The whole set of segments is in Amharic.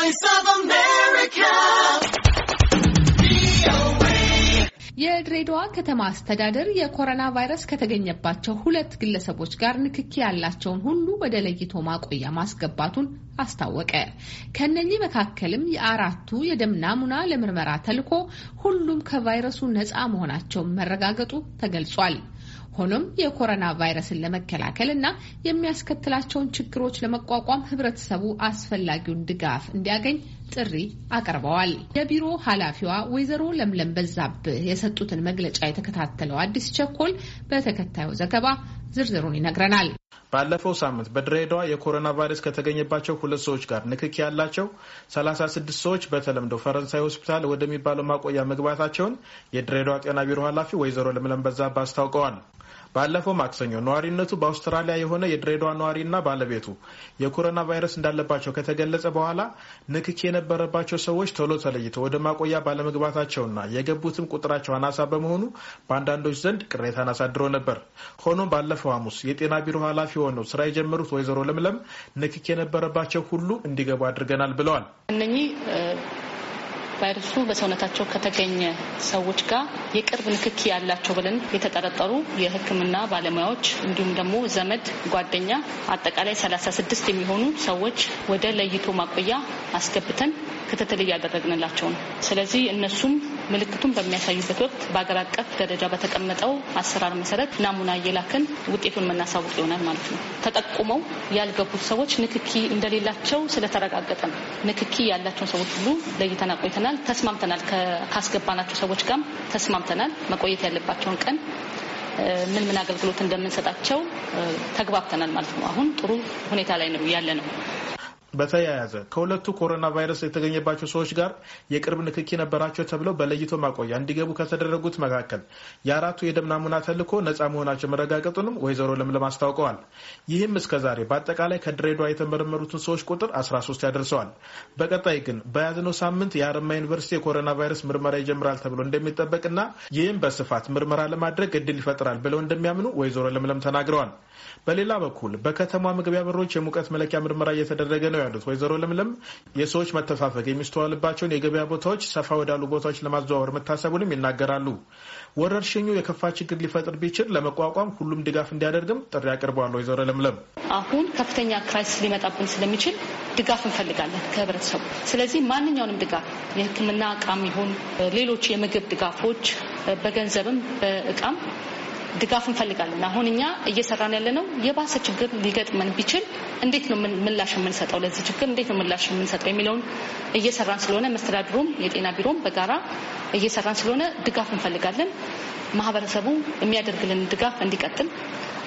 Voice of America. የድሬዳዋ ከተማ አስተዳደር የኮሮና ቫይረስ ከተገኘባቸው ሁለት ግለሰቦች ጋር ንክኪ ያላቸውን ሁሉ ወደ ለይቶ ማቆያ ማስገባቱን አስታወቀ። ከነኚህ መካከልም የአራቱ የደም ናሙና ለምርመራ ተልኮ ሁሉም ከቫይረሱ ነፃ መሆናቸውን መረጋገጡ ተገልጿል። ሆኖም የኮሮና ቫይረስን ለመከላከል እና የሚያስከትላቸውን ችግሮች ለመቋቋም ህብረተሰቡ አስፈላጊውን ድጋፍ እንዲያገኝ ጥሪ አቅርበዋል። የቢሮ ኃላፊዋ ወይዘሮ ለምለም በዛብህ የሰጡትን መግለጫ የተከታተለው አዲስ ቸኮል በተከታዩ ዘገባ ዝርዝሩን ይነግረናል። ባለፈው ሳምንት በድሬዳዋ የኮሮና ቫይረስ ከተገኘባቸው ሁለት ሰዎች ጋር ንክኪ ያላቸው 36 ሰዎች በተለምዶ ፈረንሳይ ሆስፒታል ወደሚባለው ማቆያ መግባታቸውን የድሬዳዋ ጤና ቢሮ ኃላፊ ወይዘሮ ለምለም በዛብህ አስታውቀዋል። ባለፈው ማክሰኞ ነዋሪነቱ በአውስትራሊያ የሆነ የድሬዳዋ ነዋሪና ባለቤቱ የኮሮና ቫይረስ እንዳለባቸው ከተገለጸ በኋላ ንክኪ የነበረባቸው ሰዎች ቶሎ ተለይተው ወደ ማቆያ ባለመግባታቸውና የገቡትም ቁጥራቸው አናሳ በመሆኑ በአንዳንዶች ዘንድ ቅሬታን አሳድሮ ነበር። ሆኖም ባለፈው ሐሙስ የጤና ቢሮ ኃላፊ ሆነው ስራ የጀመሩት ወይዘሮ ለምለም ንክኪ የነበረባቸው ሁሉ እንዲገቡ አድርገናል ብለዋል። ቫይረሱ በሰውነታቸው ከተገኘ ሰዎች ጋር የቅርብ ንክኪ ያላቸው ብለን የተጠረጠሩ የሕክምና ባለሙያዎች እንዲሁም ደግሞ ዘመድ፣ ጓደኛ አጠቃላይ 36 የሚሆኑ ሰዎች ወደ ለይቶ ማቆያ አስገብተን ክትትል እያደረግንላቸው ነው። ስለዚህ እነሱም ምልክቱን በሚያሳዩበት ወቅት በሀገር አቀፍ ደረጃ በተቀመጠው አሰራር መሰረት ናሙና እየላክን ውጤቱን የምናሳውቅ ይሆናል ማለት ነው። ተጠቁመው ያልገቡት ሰዎች ንክኪ እንደሌላቸው ስለተረጋገጠ ነው። ንክኪ ያላቸውን ሰዎች ሁሉ ለይተን አቆይተናል፣ ተስማምተናል። ካስገባናቸው ሰዎች ጋር ተስማምተናል። መቆየት ያለባቸውን ቀን ምን ምን አገልግሎት እንደምንሰጣቸው ተግባብተናል ማለት ነው። አሁን ጥሩ ሁኔታ ላይ ነው ያለ ነው። በተያያዘ ከሁለቱ ኮሮና ቫይረስ የተገኘባቸው ሰዎች ጋር የቅርብ ንክኪ ነበራቸው ተብለው በለይቶ ማቆያ እንዲገቡ ከተደረጉት መካከል የአራቱ የደም ናሙና ተልኮ ነፃ መሆናቸው መረጋገጡንም ወይዘሮ ለምለም አስታውቀዋል። ይህም እስከዛሬ በአጠቃላይ ከድሬዷ የተመረመሩትን ሰዎች ቁጥር 13 ያደርሰዋል። በቀጣይ ግን በያዝነው ሳምንት የአረማ ዩኒቨርሲቲ የኮሮና ቫይረስ ምርመራ ይጀምራል ተብሎ እንደሚጠበቅና ይህም በስፋት ምርመራ ለማድረግ እድል ይፈጥራል ብለው እንደሚያምኑ ወይዘሮ ለምለም ተናግረዋል። በሌላ በኩል በከተማ መግቢያ በሮች የሙቀት መለኪያ ምርመራ እየተደረገ ነው ነው ያሉት ወይዘሮ ለምለም የሰዎች መተፋፈግ የሚስተዋልባቸውን የገበያ ቦታዎች ሰፋ ወዳሉ ቦታዎች ለማዘዋወር መታሰቡንም ይናገራሉ። ወረርሽኙ የከፋ ችግር ሊፈጥር ቢችል ለመቋቋም ሁሉም ድጋፍ እንዲያደርግም ጥሪ አቅርበዋል። ወይዘሮ ለምለም አሁን ከፍተኛ ክራይሲስ ሊመጣብን ስለሚችል ድጋፍ እንፈልጋለን ከህብረተሰቡ። ስለዚህ ማንኛውንም ድጋፍ የህክምና እቃም ይሁን ሌሎች የምግብ ድጋፎች በገንዘብም በእቃም ድጋፍ እንፈልጋለን። አሁን እኛ እየሰራን ያለ ነው የባሰ ችግር ሊገጥመን ቢችል እንዴት ነው ምላሽ የምንሰጠው? ለዚህ ችግር እንዴት ነው ምላሽ የምንሰጠው የሚለውን እየሰራን ስለሆነ መስተዳድሩም የጤና ቢሮም በጋራ እየሰራን ስለሆነ ድጋፍ እንፈልጋለን። ማህበረሰቡ የሚያደርግልን ድጋፍ እንዲቀጥል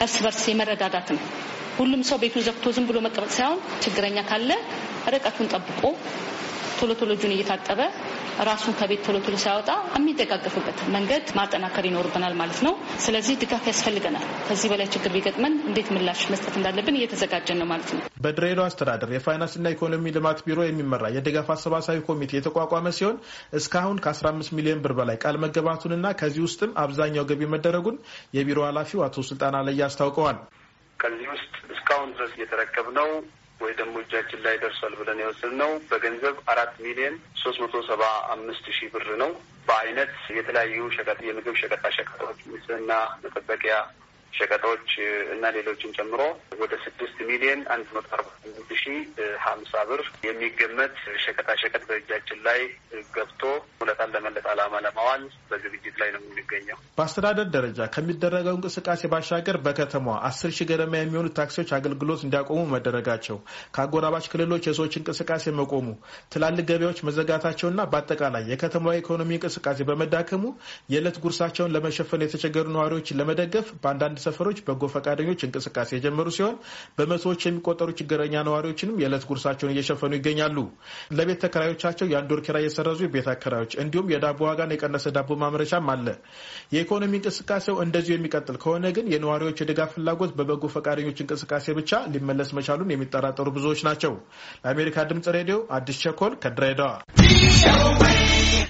እርስ በርስ የመረዳዳትም ሁሉም ሰው ቤቱን ዘግቶ ዝም ብሎ መቀመጥ ሳይሆን ችግረኛ ካለ ርቀቱን ጠብቆ ቶሎ ቶሎ እጁን እየታጠበ ራሱን ከቤት ቶሎ ቶሎ ሲያወጣ የሚደጋገፍበት መንገድ ማጠናከር ይኖርብናል ማለት ነው። ስለዚህ ድጋፍ ያስፈልገናል። ከዚህ በላይ ችግር ቢገጥመን እንዴት ምላሽ መስጠት እንዳለብን እየተዘጋጀን ነው ማለት ነው። በድሬዳዋ አስተዳደር የፋይናንስና ኢኮኖሚ ልማት ቢሮ የሚመራ የድጋፍ አሰባሳቢ ኮሚቴ የተቋቋመ ሲሆን እስካሁን ከ15 ሚሊዮን ብር በላይ ቃል መገባቱንና ከዚህ ውስጥም አብዛኛው ገቢ መደረጉን የቢሮ ኃላፊው አቶ ስልጣን አለየ አስታውቀዋል። ከዚህ ውስጥ እስካሁን ድረስ ነው ወይ ደግሞ እጃችን ላይ ደርሷል ብለን የወሰድነው በገንዘብ አራት ሚሊዮን ሶስት መቶ ሰባ አምስት ሺህ ብር ነው። በአይነት የተለያዩ ሸቀጥ የምግብ ሸቀጣ ሸቀጦች፣ ንጽህና መጠበቂያ ሸቀጦች እና ሌሎችን ጨምሮ ወደ ስድስት ሚሊዮን አንድ መቶ አርባ ስምንት ሺ ሀምሳ ብር የሚገመት ሸቀጣ ሸቀጥ በእጃችን ላይ ገብቶ ሁለታን ለመለስ ቆመዋል። በዝግጅት ላይ ነው የምንገኘው። በአስተዳደር ደረጃ ከሚደረገው እንቅስቃሴ ባሻገር በከተማዋ አስር ሺህ ገደማ የሚሆኑ ታክሲዎች አገልግሎት እንዲያቆሙ መደረጋቸው፣ ከአጎራባች ክልሎች የሰዎች እንቅስቃሴ መቆሙ፣ ትላልቅ ገበያዎች መዘጋታቸውና በአጠቃላይ የከተማዋ ኢኮኖሚ እንቅስቃሴ በመዳከሙ የዕለት ጉርሳቸውን ለመሸፈን የተቸገሩ ነዋሪዎችን ለመደገፍ በአንዳንድ ሰፈሮች በጎ ፈቃደኞች እንቅስቃሴ የጀመሩ ሲሆን በመቶዎች የሚቆጠሩ ችግረኛ ነዋሪዎችንም የዕለት ጉርሳቸውን እየሸፈኑ ይገኛሉ። ለቤት ተከራዮቻቸው የአንድ ወር ኪራይ የሰረዙ የቤት አከራዮች እንዲሁም የዳቦ ዋጋን የቀነሰ የደረሰ ዳቦ ማምረቻም አለ። የኢኮኖሚ እንቅስቃሴው እንደዚሁ የሚቀጥል ከሆነ ግን የነዋሪዎች የድጋፍ ፍላጎት በበጎ ፈቃደኞች እንቅስቃሴ ብቻ ሊመለስ መቻሉን የሚጠራጠሩ ብዙዎች ናቸው። ለአሜሪካ ድምጽ ሬዲዮ አዲስ ቸኮል ከድሬዳዋ